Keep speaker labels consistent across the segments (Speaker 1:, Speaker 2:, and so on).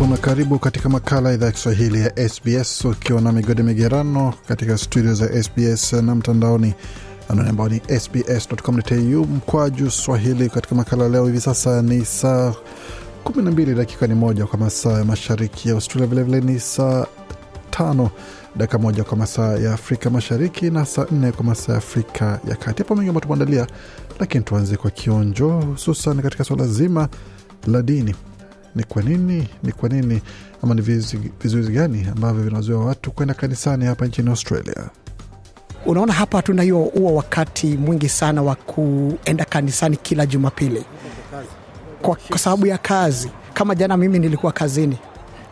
Speaker 1: Maarufu na karibu katika makala idhaa ya Kiswahili ya SBS ukiwa na migode migerano katika studio za SBS na mtandaoni anani ambao ni sbs.com.au mkwaju swahili. Katika makala leo, hivi sasa ni saa 12 dakika ni moja kwa masaa ya mashariki ya Australia, vilevile ni saa tano dakika moja kwa masaa ya Afrika Mashariki na saa nne kwa masaa ya Afrika ya Kati. Hapo mengi ambayo tumeandalia, lakini tuanze kwa kionjo, hususan katika suala zima la dini ni kwa nini, ni kwa nini ama ni vizuizi gani ambavyo vinazuia watu kwenda kanisani hapa nchini Australia? Unaona, hapa hatuna hiyo huo wakati mwingi sana wa kuenda kanisani kila Jumapili kwa, kwa sababu ya kazi. Kama jana mimi nilikuwa kazini,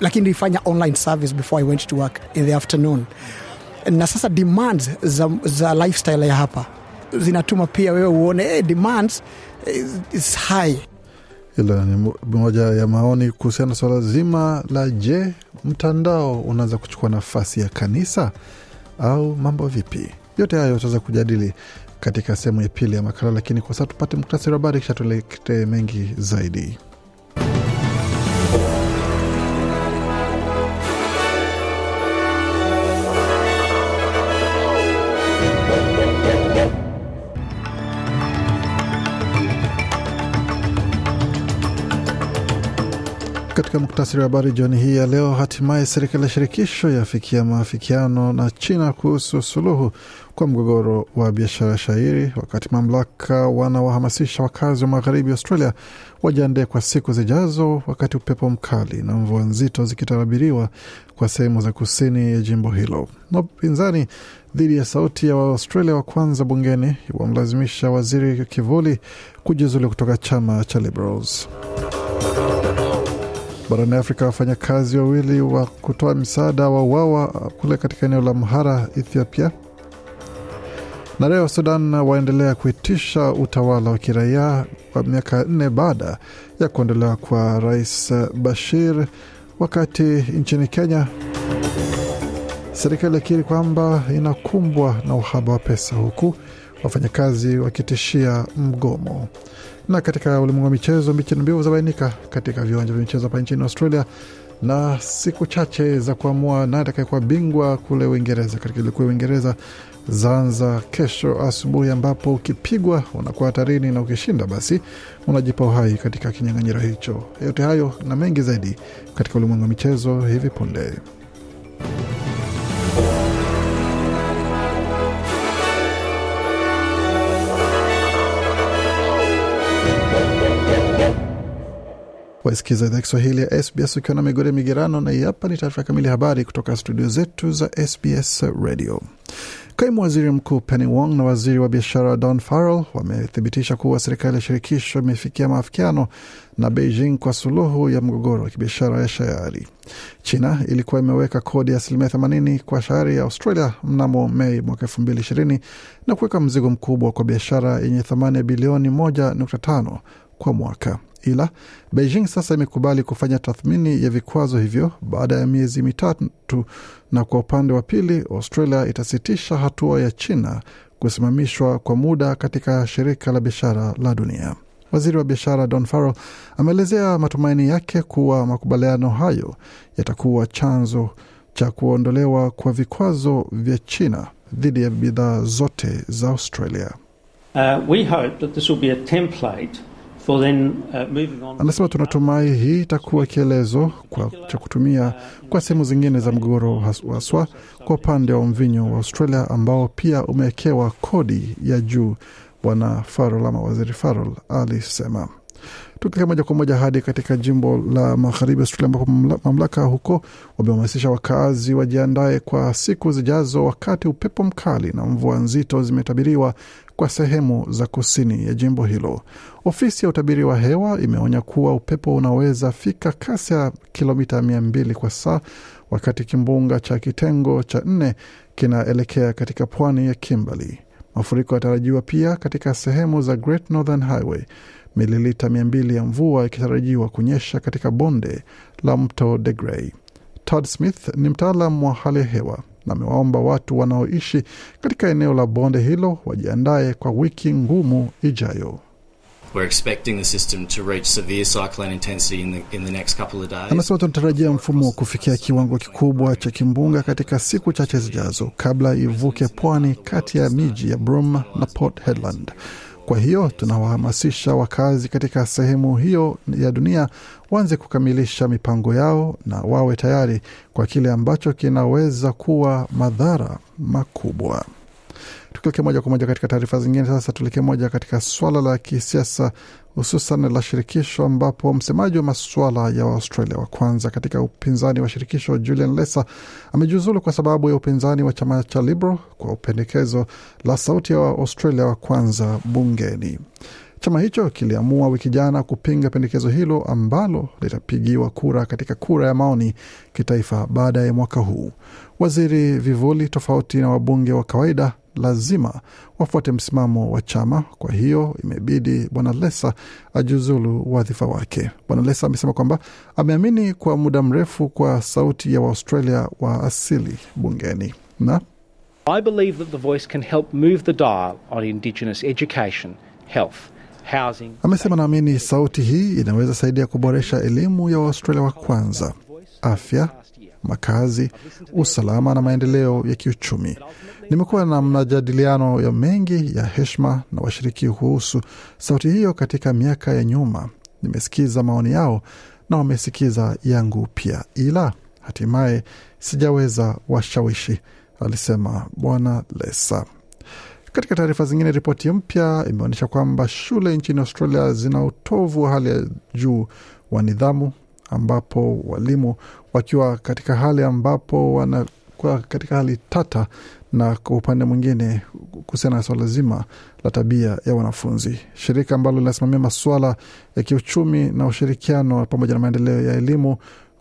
Speaker 1: lakini nilifanya online service before I went to work in the afternoon, na sasa demands za, za lifestyle ya hapa zinatuma pia wewe uone hey, eh, demands eh, is high hilo ni moja ya maoni kuhusiana na swala zima la je, mtandao unaweza kuchukua nafasi ya kanisa au mambo vipi? Yote hayo tutaweza kujadili katika sehemu ya pili ya makala, lakini kwa sasa tupate muktasari wa habari, kisha tulete mengi zaidi. Katika muktasari wa habari jioni hii ya leo, hatimaye serikali ya shirikisho yafikia maafikiano na China kuhusu suluhu kwa mgogoro wa biashara ya shayiri, wakati mamlaka wanawahamasisha wakazi wa magharibi Australia wajiandae kwa siku zijazo, wakati upepo mkali na mvua nzito zikitarabiriwa kwa sehemu za kusini ya jimbo hilo. Na upinzani dhidi ya sauti ya Waaustralia wa kwanza bungeni wamlazimisha waziri kivuli kujiuzulu kutoka chama cha Liberals. Barani Afrika, wafanyakazi wawili wa kutoa misaada wauawa kule katika eneo la mhara Ethiopia. Na leo Sudan waendelea kuitisha utawala wa kiraia wa miaka nne baada ya kuondolewa kwa Rais Bashir, wakati nchini Kenya serikali akiri kwamba inakumbwa na uhaba wa pesa huku wafanyakazi wakitishia mgomo. Na katika ulimwengu wa michezo, michino na mbivu zabainika katika viwanja vya michezo hapa nchini Australia, na siku chache za kuamua naye atakaekuwa bingwa kule Uingereza katika ilikuu ya Uingereza zaanza kesho asubuhi, ambapo ukipigwa unakuwa hatarini na ukishinda basi unajipa uhai katika kinyang'anyiro hicho. Yote hayo na mengi zaidi katika ulimwengu wa michezo hivi punde. waisikiza idhaa Kiswahili ya SBS ukiwa na migode migerano, na hapa ni taarifa kamili habari kutoka studio zetu za SBS Radio. Kaimu waziri mkuu Penny Wong na waziri wa biashara Don Farrell wamethibitisha kuwa serikali ya shirikisho imefikia maafikiano na Beijing kwa suluhu ya mgogoro wa kibiashara ya shayari. China ilikuwa imeweka kodi ya asilimia 80 kwa shayari ya Australia mnamo Mei mwaka 2020 na kuweka mzigo mkubwa kwa biashara yenye thamani ya bilioni 1.5 kwa mwaka. Ila Beijing sasa imekubali kufanya tathmini ya vikwazo hivyo baada ya miezi mitatu, na kwa upande wa pili, Australia itasitisha hatua ya China kusimamishwa kwa muda katika shirika la biashara la dunia. Waziri wa biashara Don Farrell ameelezea matumaini yake kuwa makubaliano hayo yatakuwa chanzo cha kuondolewa kwa vikwazo vya China dhidi ya bidhaa zote za Australia. Uh, we hope that this will be a template Uh, anasema tunatumai hii itakuwa kielezo cha kutumia kwa sehemu zingine za mgogoro haswa kwa upande wa mvinyo wa Australia ambao pia umewekewa kodi ya juu. Bwana Farol ama Waziri Farol alisema Tukielekea moja kwa moja hadi katika jimbo la magharibi Australia, ambapo mamlaka huko wamehamasisha wakazi wajiandae kwa siku zijazo, wakati upepo mkali na mvua nzito zimetabiriwa kwa sehemu za kusini ya jimbo hilo. Ofisi ya utabiri wa hewa imeonya kuwa upepo unaweza fika kasi ya kilomita mia mbili kwa saa, wakati kimbunga cha kitengo cha nne kinaelekea katika pwani ya Kimberley. Mafuriko yatarajiwa pia katika sehemu za Great Northern Highway mililita 200 ya mvua ikitarajiwa kunyesha katika bonde la mto De Grey. Todd Smith ni mtaalam wa hali ya hewa na amewaomba watu wanaoishi katika eneo la bonde hilo wajiandaye kwa wiki ngumu ijayo. Anasema tunatarajia mfumo wa kufikia kiwango kikubwa cha kimbunga katika siku chache zijazo kabla ivuke pwani kati ya miji ya Broome na Port Hedland. Kwa hiyo tunawahamasisha wakazi katika sehemu hiyo ya dunia waanze kukamilisha mipango yao na wawe tayari kwa kile ambacho kinaweza kuwa madhara makubwa. Tukilekee moja kwa moja katika taarifa zingine, sasa tuelekee moja katika swala la kisiasa hususan la shirikisho ambapo msemaji wa masuala ya Waustralia wa kwanza katika upinzani wa shirikisho Julian Lesa amejiuzulu kwa sababu ya upinzani wa chama cha Liberal kwa upendekezo la sauti ya Waustralia wa kwanza bungeni. Chama hicho kiliamua wiki jana kupinga pendekezo hilo ambalo litapigiwa kura katika kura ya maoni kitaifa baada ya mwaka huu. Waziri vivuli tofauti na wabunge wa kawaida lazima wafuate msimamo wa chama. Kwa hiyo imebidi Bwana Lesa ajiuzulu wadhifa wake. Bwana Lesa amesema kwamba ameamini kwa muda mrefu kwa sauti ya Waaustralia wa asili bungeni na I believe that the voice can help move the dial on Indigenous education, health Housing. Amesema naamini sauti hii inaweza saidia kuboresha elimu ya Waustralia wa kwanza, afya, makazi, usalama na maendeleo ya kiuchumi. Nimekuwa na majadiliano ya mengi ya heshima na washiriki kuhusu sauti hiyo katika miaka ya nyuma. Nimesikiza maoni yao na wamesikiza yangu pia, ila hatimaye sijaweza washawishi, alisema Bwana Lesa. Katika taarifa zingine, ripoti mpya imeonyesha kwamba shule nchini Australia zina utovu wa hali ya juu wa nidhamu ambapo walimu wakiwa katika hali ambapo wanakuwa katika hali tata, na kwa upande mwingine kuhusiana na swala zima la tabia ya wanafunzi. Shirika ambalo linasimamia masuala ya kiuchumi na ushirikiano pamoja na maendeleo ya elimu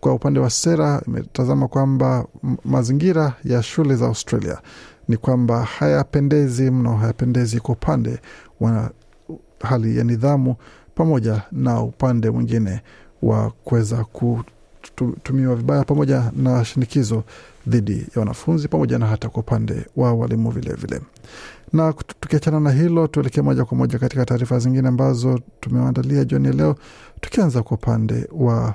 Speaker 1: kwa upande wa sera imetazama kwamba mazingira ya shule za Australia ni kwamba hayapendezi mno, hayapendezi kwa upande wa hali ya nidhamu pamoja na upande mwingine wa kuweza kutumiwa vibaya pamoja na shinikizo dhidi ya wanafunzi pamoja na hata kwa upande wa walimu vilevile. Na tukiachana na hilo, tuelekee moja kwa moja katika taarifa zingine ambazo tumewandalia jioni ya leo, tukianza kwa upande wa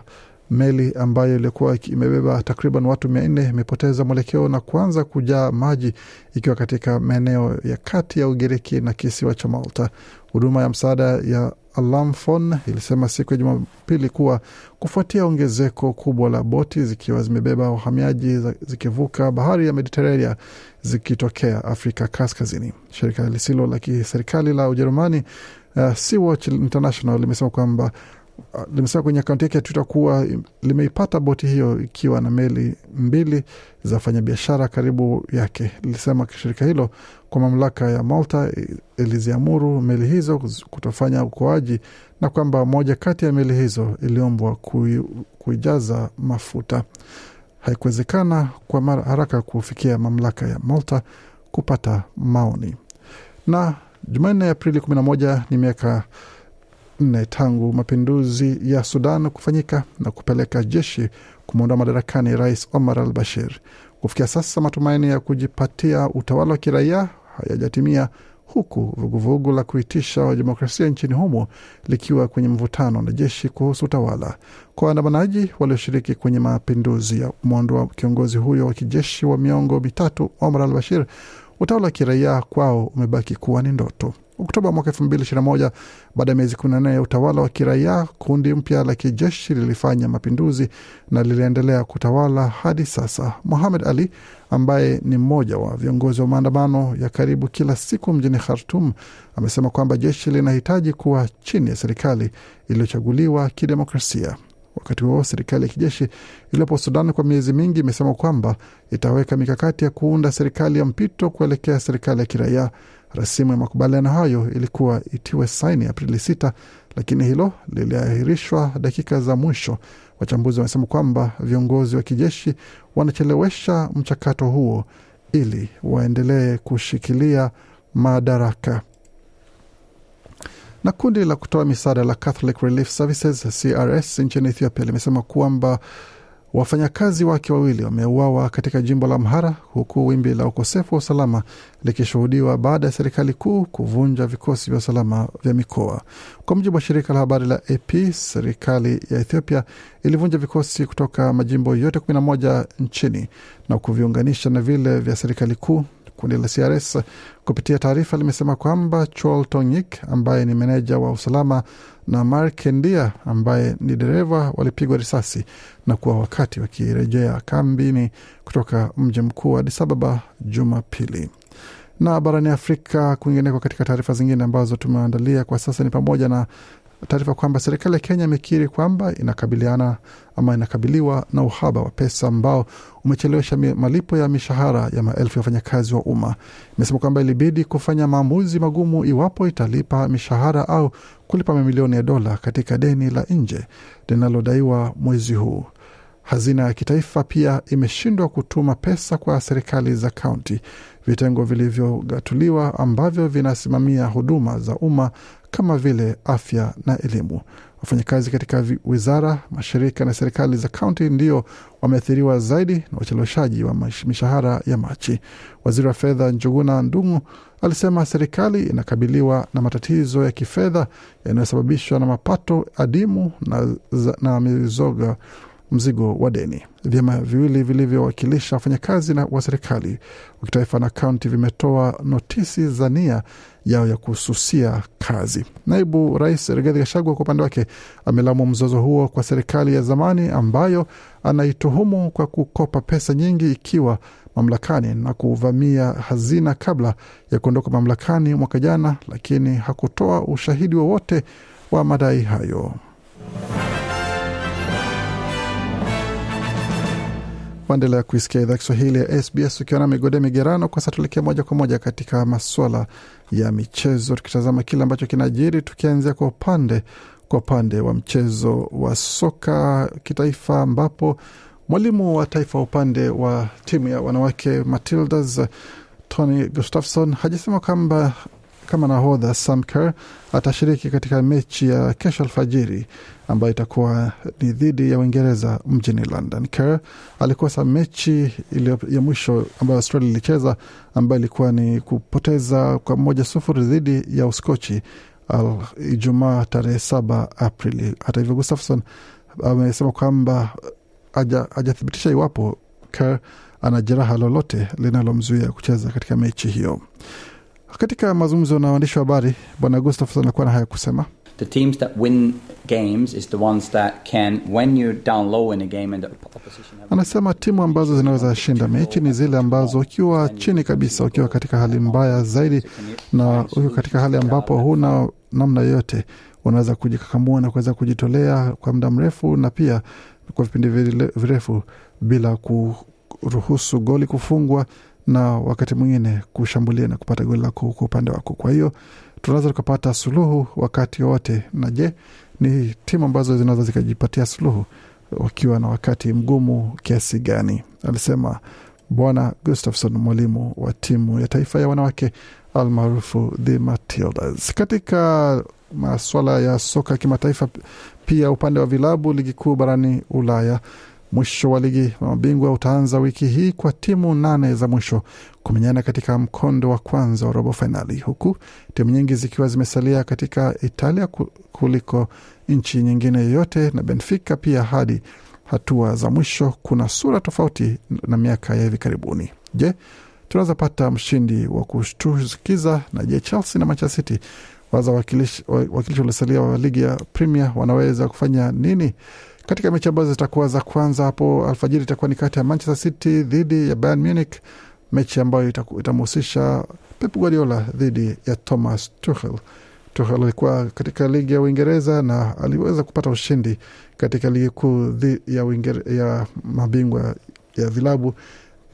Speaker 1: meli ambayo ilikuwa imebeba takriban watu mia nne imepoteza mwelekeo na kuanza kujaa maji ikiwa katika maeneo ya kati ya Ugiriki na kisiwa cha Malta. Huduma ya msaada ya Alamfon ilisema siku ya Jumapili kuwa kufuatia ongezeko kubwa la boti zikiwa zimebeba wahamiaji zikivuka bahari ya Mediteranea zikitokea Afrika Kaskazini, shirika lisilo la kiserikali la Ujerumani uh, Sea Watch International limesema kwamba Ah, limesema kwenye akaunti yake ya Twitter kuwa limeipata boti hiyo ikiwa na meli mbili za wafanyabiashara karibu yake. Lilisema shirika hilo kwa mamlaka ya Malta iliziamuru meli hizo kutofanya ukoaji na kwamba moja kati ya meli hizo iliombwa kui, kuijaza mafuta. Haikuwezekana kwa mara haraka kufikia mamlaka ya Malta kupata maoni. Na Jumanne Aprili 11 ni miaka nne tangu mapinduzi ya Sudan kufanyika na kupeleka jeshi kumwondoa madarakani Rais Omar al Bashir. Kufikia sasa, matumaini ya kujipatia utawala wa kiraia hayajatimia huku vuguvugu la kuitisha wa demokrasia nchini humo likiwa kwenye mvutano na jeshi kuhusu utawala. Kwa waandamanaji walioshiriki kwenye mapinduzi ya kumwondoa kiongozi huyo wa kijeshi wa miongo mitatu Omar al Bashir, utawala wa kiraia kwao umebaki kuwa ni ndoto. Oktoba mwaka moja, baada ya miezi 14 ya utawala wa kiraia, kundi mpya la kijeshi lilifanya mapinduzi na liliendelea kutawala hadi sasa. Muhamed Ali ambaye ni mmoja wa viongozi wa maandamano ya karibu kila siku mjini Khartum amesema kwamba jeshi linahitaji kuwa chini ya serikali iliyochaguliwa kidemokrasia. Wakati huo serikali ya kijeshi iliyopo Sudan kwa miezi mingi imesema kwamba itaweka mikakati ya kuunda serikali ya mpito kuelekea serikali ya kiraia Rasimu ya makubaliano hayo ilikuwa itiwe saini Aprili 6 lakini hilo liliahirishwa dakika za mwisho. Wachambuzi wanasema kwamba viongozi wa kijeshi wanachelewesha mchakato huo ili waendelee kushikilia madaraka. Na kundi la kutoa misaada la Catholic Relief Services CRS nchini Ethiopia limesema kwamba Wafanyakazi wake wawili wameuawa katika jimbo la Amhara, huku wimbi la ukosefu wa usalama likishuhudiwa baada ya serikali kuu kuvunja vikosi vya usalama vya mikoa. Kwa mujibu wa shirika la habari la AP, serikali ya Ethiopia ilivunja vikosi kutoka majimbo yote 11 nchini na kuviunganisha na vile vya serikali kuu Kundi la CRS kupitia taarifa limesema kwamba Chol tonyik ambaye ni meneja wa usalama na Mark Ndia ambaye ni dereva walipigwa risasi na kuwa wakati wakirejea kambini kutoka mji mkuu wa Addis Ababa Jumapili na barani Afrika kwingineko. Katika taarifa zingine ambazo tumeandalia kwa sasa ni pamoja na taarifa kwamba serikali ya Kenya imekiri kwamba inakabiliana ama inakabiliwa na uhaba wa pesa ambao umechelewesha malipo ya mishahara ya maelfu ya wafanyakazi wa umma. Imesema kwamba ilibidi kufanya maamuzi magumu iwapo italipa mishahara au kulipa mamilioni ya dola katika deni la nje linalodaiwa mwezi huu. Hazina ya kitaifa pia imeshindwa kutuma pesa kwa serikali za kaunti, vitengo vilivyogatuliwa ambavyo vinasimamia huduma za umma kama vile afya na elimu. Wafanyakazi katika wizara, mashirika na serikali za kaunti ndio wameathiriwa zaidi na ucheleweshaji wa mishahara ya Machi. Waziri wa fedha Njuguna Ndung'u alisema serikali inakabiliwa na matatizo ya kifedha yanayosababishwa na mapato adimu na, na mizoga mzigo wa deni. Vyama viwili vilivyowakilisha wafanyakazi na wa serikali wa kitaifa na kaunti vimetoa notisi za nia yao ya kususia kazi. Naibu Rais Rigathi Gachagua kwa upande wake amelamu mzozo huo kwa serikali ya zamani ambayo anaituhumu kwa kukopa pesa nyingi ikiwa mamlakani na kuvamia hazina kabla ya kuondoka mamlakani mwaka jana, lakini hakutoa ushahidi wowote wa, wa madai hayo. waendelea kuisikia idhaa Kiswahili ya SBS ukiwa na migode migerano. Kwa sasa tuelekee moja kwa moja katika maswala ya michezo, tukitazama kile ambacho kinajiri, tukianzia kwa upande kwa upande wa mchezo wa soka kitaifa ambapo mwalimu wa taifa upande wa timu ya wanawake Matildas Tony Gustafson hajasema kwamba kama nahodha Samker atashiriki katika mechi ya kesho alfajiri ambayo itakuwa ni dhidi ya Uingereza mjini London. Kerr alikosa mechi ilio, ya mwisho ambayo Australia ilicheza ambayo ilikuwa ni kupoteza kwa moja sufuri dhidi ya Uskochi Ijumaa tarehe saba Aprili. Hata hivyo, Gustafson amesema kwamba hajathibitisha iwapo Kerr ana jeraha lolote linalomzuia kucheza katika mechi hiyo. Katika mazungumzo na waandishi wa habari, Bwana Gustafson anakuwa na haya kusema. Anasema timu ambazo zinaweza shinda mechi ni zile ambazo ukiwa chini kabisa, ukiwa katika hali mbaya zaidi, na ukiwa katika hali ambapo huna namna yoyote, unaweza kujikakamua na kuweza kujitolea kwa muda mrefu na pia kwa vipindi virefu bila kuruhusu goli kufungwa na wakati mwingine kushambulia na kupata goli lako kwa upande wako. Kwa hiyo tunaweza tukapata suluhu wakati wowote. Na je, ni timu ambazo zinaweza zikajipatia suluhu wakiwa na wakati mgumu kiasi gani? Alisema Bwana Gustafson, mwalimu wa timu ya taifa ya wanawake almaarufu the Matildas. Katika masuala ya soka kimataifa, pia upande wa vilabu, ligi kuu barani Ulaya Mwisho wa ligi wa mabingwa utaanza wiki hii kwa timu nane za mwisho kumenyana katika mkondo wa kwanza wa robo fainali, huku timu nyingi zikiwa zimesalia katika Italia kuliko nchi nyingine yoyote, na Benfica pia hadi hatua za mwisho kuna sura tofauti na miaka ya hivi karibuni. Je, tunaweza pata mshindi wa kushtukiza? Na je, Chelsea na Manchester City waza wakilishi waliosalia wa ligi ya Premier wanaweza kufanya nini? Katika mechi ambazo zitakuwa za kwanza hapo alfajiri itakuwa ni kati ya Manchester City dhidi ya Bayern Munich, mechi ambayo itamhusisha Pep Guardiola dhidi ya Thomas Tuchel. Tuchel alikuwa katika ligi ya Uingereza na aliweza kupata ushindi katika ligi kuu ya, ya mabingwa ya vilabu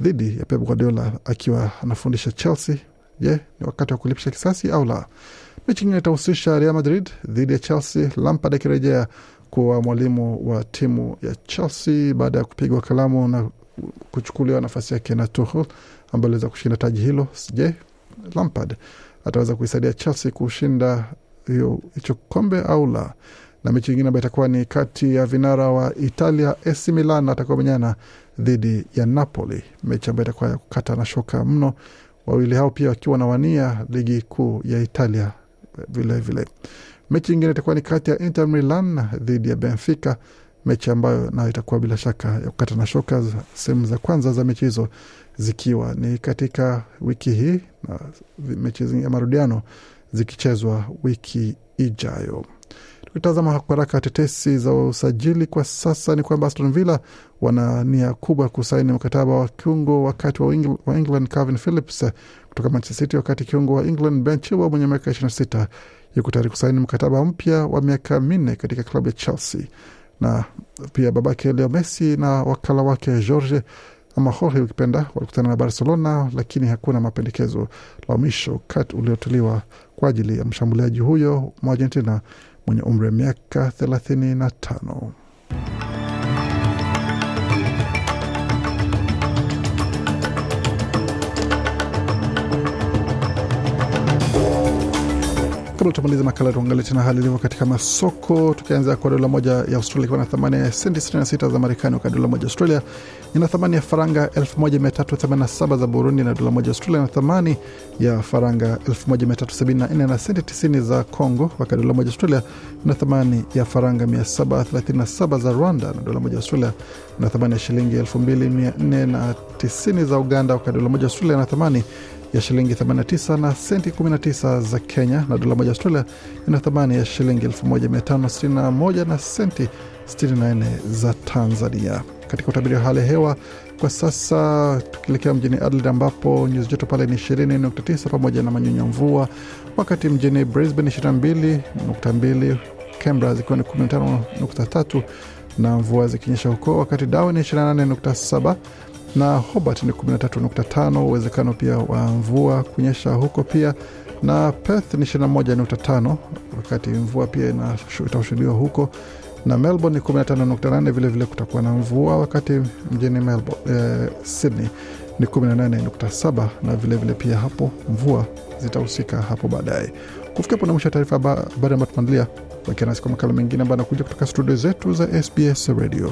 Speaker 1: dhidi ya Pep Guardiola akiwa anafundisha Chelsea. Je, yeah, ni wakati wa kulipisha kisasi au la? Mechi nyingine itahusisha Real Madrid dhidi ya Chelsea, Lampard akirejea kuwa mwalimu wa timu ya Chelsea baada ya kupigwa kalamu na kuchukuliwa nafasi yake na Tuchel ambaye aliweza kushinda taji hilo. Je, Lampard ataweza kuisaidia Chelsea kushinda hicho kombe au la? Na mechi nyingine ambayo itakuwa ni kati ya vinara wa Italia AC Milan atakuwa menyana dhidi ya Napoli, mechi ambayo itakuwa ya kukata na shoka mno, wawili hao pia wakiwa na wania ligi kuu ya Italia vilevile eh, vile. Mechi nyingine itakuwa ni kati ya Inter Milan dhidi ya Benfica, mechi ambayo nayo itakuwa bila shaka ya kukata na shoka, sehemu za kwanza za mechi hizo zikiwa ni katika wiki hii na mechi ya marudiano zikichezwa wiki ijayo. Tukitazama kwa haraka tetesi za usajili kwa sasa ni kwamba Aston Villa wana nia kubwa kusaini mkataba wa kiungo wakati wa, Ingl wa England Calvin Phillips kutoka Manchester City, wakati kiungo wa England Ben Chilwell mwenye miaka 26 yuko tayari kusaini mkataba mpya wa miaka minne katika klabu ya Chelsea na pia babake Leo Messi na wakala wake George ama Jorge ukipenda walikutana na Barcelona, lakini hakuna mapendekezo la mwisho kati uliotuliwa kwa ajili ya mshambuliaji huyo mwa Argentina mwenye umri wa miaka thelathini na tano Kabla tumalize makala, tuangalie tena hali ilivyo katika masoko, tukianzia kwa dola moja ya Australia ikiwa na thamani ya senti 66 za Marekani, wakati dola moja Australia ina thamani ya faranga 1387 za Burundi, na dola moja Australia ina thamani ya faranga 1374 na senti 90 za Congo, wakati dola moja Australia ina thamani ya faranga 737 za Rwanda, na dola moja Australia ina thamani ya shilingi 2490 za Uganda, wakati dola moja Australia ina thamani ya shilingi 89 na senti 19 za Kenya, na dola moja Australia ina thamani ya shilingi 1561 na senti 64 za Tanzania. Katika utabiri wa hali ya hewa kwa sasa, tukielekea mjini Adelaide ambapo nyuzi joto pale ni 20.9 pamoja na manyunyu mvua, wakati mjini Brisbane 22.2, Canberra zikiwa ni 15.3 na mvua zikinyesha huko, wakati Darwin 28.7 na Hobart ni 13.5, uwezekano pia wa mvua kunyesha huko pia, na Perth ni 21.5, wakati mvua pia itashuhudiwa huko na Melbourne ni 15.8, vilevile kutakuwa na mvua, wakati mjini Melbourne, eh, Sydney ni 18.7 na vilevile vile pia hapo mvua zitahusika hapo baadaye. Kufikia hapo na mwisho ya taarifa habari ambayo tumeandalia. Bakia nasi kwa makala mengine ambayo anakuja kutoka studio zetu za SBS Radio.